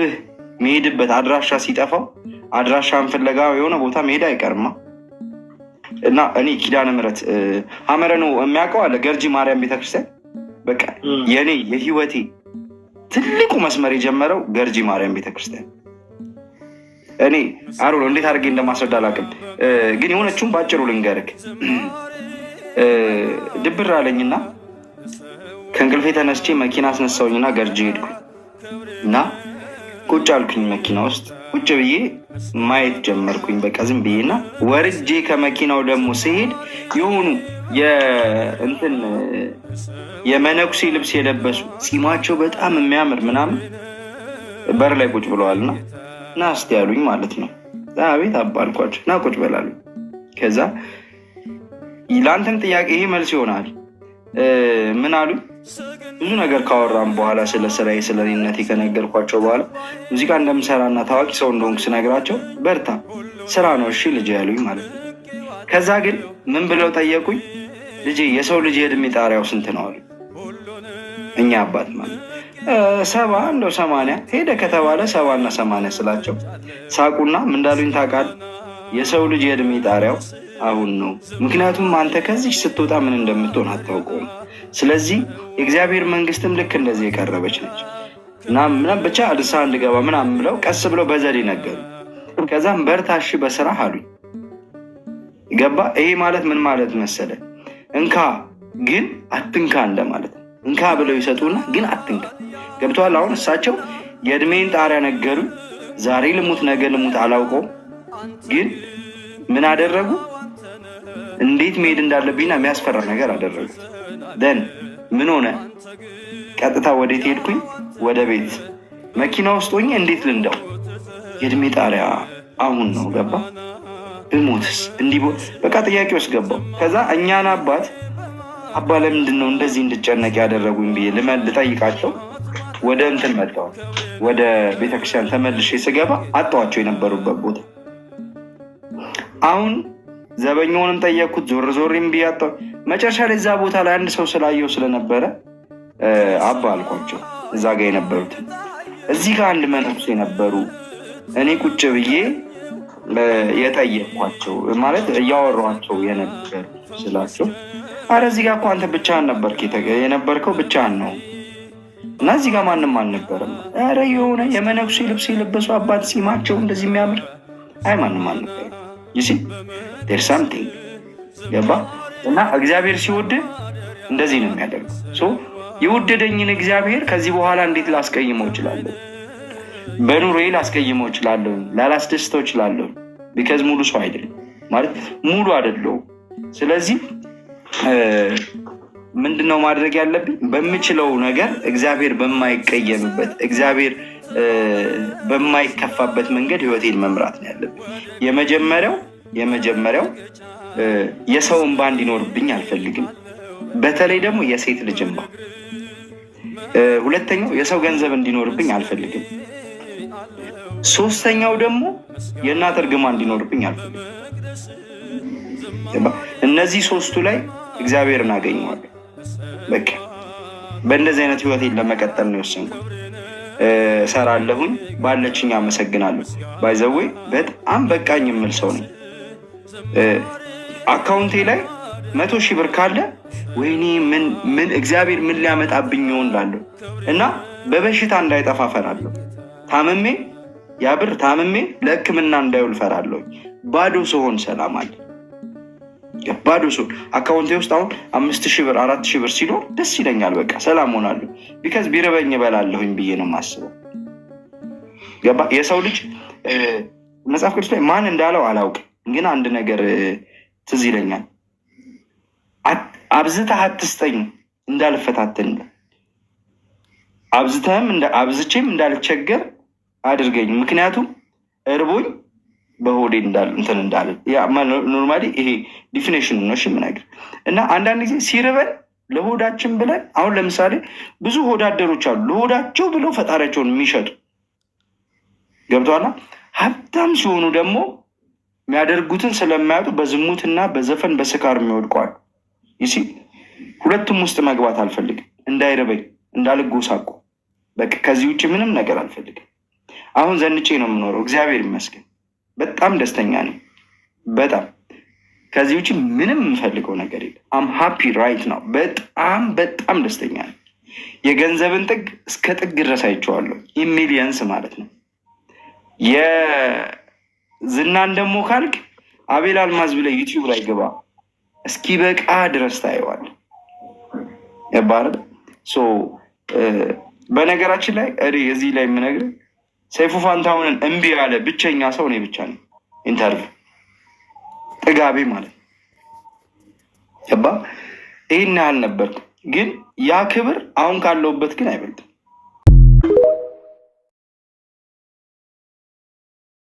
ይህ መሄድበት አድራሻ ሲጠፋው አድራሻን ፍለጋ የሆነ ቦታ መሄድ አይቀርማ እና እኔ ኪዳነ ምረት አመረ ነው የሚያውቀው አለ ገርጂ ማርያም ቤተክርስቲያን። በቃ የእኔ የህይወቴ ትልቁ መስመር የጀመረው ገርጂ ማርያም ቤተክርስቲያን። እኔ አሮ እንዴት አድርጌ እንደማስረዳ አላውቅም፣ ግን የሆነችውን በአጭሩ ልንገርክ። ድብር አለኝና ከእንቅልፌ ተነስቼ መኪና አስነሳውኝና ገርጂ ሄድኩኝ እና ቁጭ አልኩኝ መኪና ውስጥ ቁጭ ብዬ ማየት ጀመርኩኝ። በቃ ዝም ብዬና ወርጄ ከመኪናው ደግሞ ስሄድ የሆኑ የእንትን የመነኩሴ ልብስ የለበሱ ጺማቸው በጣም የሚያምር ምናምን በር ላይ ቁጭ ብለዋልና ና እስቲ ያሉኝ ማለት ነው። አቤት አባልኳቸው። ና ቁጭ በላሉ። ከዛ ለአንተም ጥያቄ ይሄ መልስ ይሆናል ምን አሉኝ? ብዙ ነገር ካወራም በኋላ ስለ ስራዬ ስለ እኔነቴ ከነገርኳቸው በኋላ ሙዚቃ እንደምሰራና ታዋቂ ሰው እንደሆንኩ ስነግራቸው በርታ ስራ ነው እሺ ልጅ ያሉኝ ማለት ነው። ከዛ ግን ምን ብለው ጠየቁኝ? ል የሰው ልጅ የእድሜ ጣሪያው ስንት ነው አሉ። እኛ አባት ማለት ሰባ እንደው ሰማንያ ሄደ ከተባለ ሰባና ሰማንያ ስላቸው ሳቁና ምን እንዳሉኝ ታውቃለህ? የሰው ልጅ የእድሜ ጣሪያው አሁን ነው። ምክንያቱም አንተ ከዚህ ስትወጣ ምን እንደምትሆን አታውቀውም። ስለዚህ የእግዚአብሔር መንግስትም ልክ እንደዚህ የቀረበች ነች። ምናምን ብቻ አልሳ እንድገባ ምናምን ብለው ቀስ ብለው በዘዴ ነገሩ። ከዛም በርታሽ በስራ አሉኝ። ገባ። ይሄ ማለት ምን ማለት መሰለ? እንካ ግን አትንካ እንደማለት ነው። እንካ ብለው ይሰጡና ግን አትንካ። ገብተዋል። አሁን እሳቸው የእድሜን ጣሪያ ነገሩ። ዛሬ ልሙት ነገ ልሙት አላውቀው ግን ምን አደረጉ? እንዴት መሄድ እንዳለብኝና የሚያስፈራ ነገር አደረገ። ደን ምን ሆነ? ቀጥታ ወዴት ሄድኩኝ? ወደ ቤት። መኪና ውስጥ ሆኜ እንዴት ልንዳው? የእድሜ ጣሪያ አሁን ነው ገባ። ብሞትስ? እንዲህ በቃ ጥያቄ ውስጥ ገባው። ከዛ እኛን አባት አባ ለምንድን ነው እንደዚህ እንድጨነቅ ያደረጉኝ ብዬ ልጠይቃቸው ወደ እንትን መጣሁ። ወደ ቤተክርስቲያን ተመልሼ ስገባ አጣኋቸው የነበሩበት ቦታ አሁን ዘበኛውንም ጠየቅኩት። ዞር ዞር እምቢ አጣሁ። መጨረሻ ላይ እዛ ቦታ ላይ አንድ ሰው ስላየው ስለነበረ አባ አልኳቸው። እዛ ጋር የነበሩት እዚህ ጋር አንድ መነኩሴ የነበሩ እኔ ቁጭ ብዬ የጠየቅኳቸው ማለት እያወሯቸው የነበር ስላቸው፣ አረ እዚህ ጋር እኮ አንተ ብቻህን ነበር የነበርከው ብቻህን ነው እና እዚህ ጋር ማንም አልነበረም። አረ የሆነ የመነኩሴ ልብስ የለበሱ አባት ሲማቸው እንደዚህ የሚያምር አይ ማንም አልነበረም። ይስ ዴር ሳምቲንግ ገባ እና እግዚአብሔር ሲወድ እንደዚህ ነው የሚያደርገው። ሶ የወደደኝን እግዚአብሔር ከዚህ በኋላ እንዴት ላስቀይመው እችላለሁ? በኑሮዬ ላስቀይመው እችላለሁ? ላላስደስተው እችላለሁ? ቢከዝ ሙሉ ሰው አይደለም ማለት ሙሉ አይደለሁም። ስለዚህ ምንድነው ማድረግ ያለብኝ? በምችለው ነገር እግዚአብሔር በማይቀየምበት እግዚአብሔር በማይከፋበት መንገድ ህይወቴን መምራት ነው ያለብኝ። የመጀመሪያው የመጀመሪያው የሰው እንባ እንዲኖርብኝ አልፈልግም። በተለይ ደግሞ የሴት ልጅ እንባ። ሁለተኛው የሰው ገንዘብ እንዲኖርብኝ አልፈልግም። ሶስተኛው ደግሞ የእናት እርግማ እንዲኖርብኝ አልፈልግም። እነዚህ ሶስቱ ላይ እግዚአብሔርን አገኘዋለሁ። በቃ በእንደዚህ አይነት ህይወቴን ለመቀጠል ነው የወሰንኩት። እሰራለሁኝ። ባለችኝ አመሰግናለሁ። ባይዘዌ በጣም በቃኝ የምል ሰው ነኝ። አካውንቴ ላይ መቶ ሺህ ብር ካለ ወይኔ ምን እግዚአብሔር ምን ሊያመጣብኝ ይሆን ላለሁ እና በበሽታ እንዳይጠፋ ፈራለሁ። ታመሜ ያ ብር ታመሜ ለሕክምና እንዳይውል ፈራለሁ። ባዶ ስሆን ሰላም አለ። ገባዶ ሰው አካውንቴ ውስጥ አሁን አምስት ሺህ ብር አራት ሺህ ብር ሲኖር ደስ ይለኛል። በቃ ሰላም ሆናለሁ። ቢከዝ ቢረበኝ እበላለሁኝ ብዬ ነው የማስበው። ገባ የሰው ልጅ መጽሐፍ ቅዱስ ላይ ማን እንዳለው አላውቅም፣ ግን አንድ ነገር ትዝ ይለኛል። አብዝተህ አትስጠኝ እንዳልፈታተን፣ አብዝተህም አብዝቼም እንዳልቸገር አድርገኝ፣ ምክንያቱም እርቦኝ በሆዴ እንትን እንዳለ ኖርማሊ ይሄ ዲፊኔሽን ነው የምነግርህ። እና አንዳንድ ጊዜ ሲርበን ለሆዳችን ብለን አሁን ለምሳሌ ብዙ ሆዳደሮች አሉ፣ ለሆዳቸው ብለው ፈጣሪያቸውን የሚሸጡ ገብተዋላ። ሀብታም ሲሆኑ ደግሞ የሚያደርጉትን ስለማያጡ በዝሙትና በዘፈን በስካር የሚወድቀዋል። ይሲ ሁለቱም ውስጥ መግባት አልፈልግም፣ እንዳይርበኝ እንዳልጎሳቆ በቃ ከዚህ ውጭ ምንም ነገር አልፈልግም። አሁን ዘንጬ ነው የምኖረው፣ እግዚአብሔር ይመስገን። በጣም ደስተኛ ነኝ። በጣም ከዚህ ውጭ ምንም የምፈልገው ነገር የለም። አም ሃፒ ራይት ነው። በጣም በጣም ደስተኛ ነኝ። የገንዘብን ጥግ እስከ ጥግ ድረስ አይቼዋለሁ። ኢሚሊየንስ ማለት ነው። የዝናን ደግሞ ካልክ አቤል አልማዝ ብለህ ዩቲዩብ ላይ ግባ፣ እስኪ በቃ ድረስ ታየዋል። ባረ በነገራችን ላይ እዚህ ላይ የምነግርህ ሰይፉ ፋንታሁንን እምቢ ያለ ብቸኛ ሰው እኔ ብቻ ነኝ። ኢንተርቪው ጥጋቤ ማለት ነው። ገባ ይህን ያህል ነበር። ግን ያ ክብር አሁን ካለውበት ግን አይበልጥም።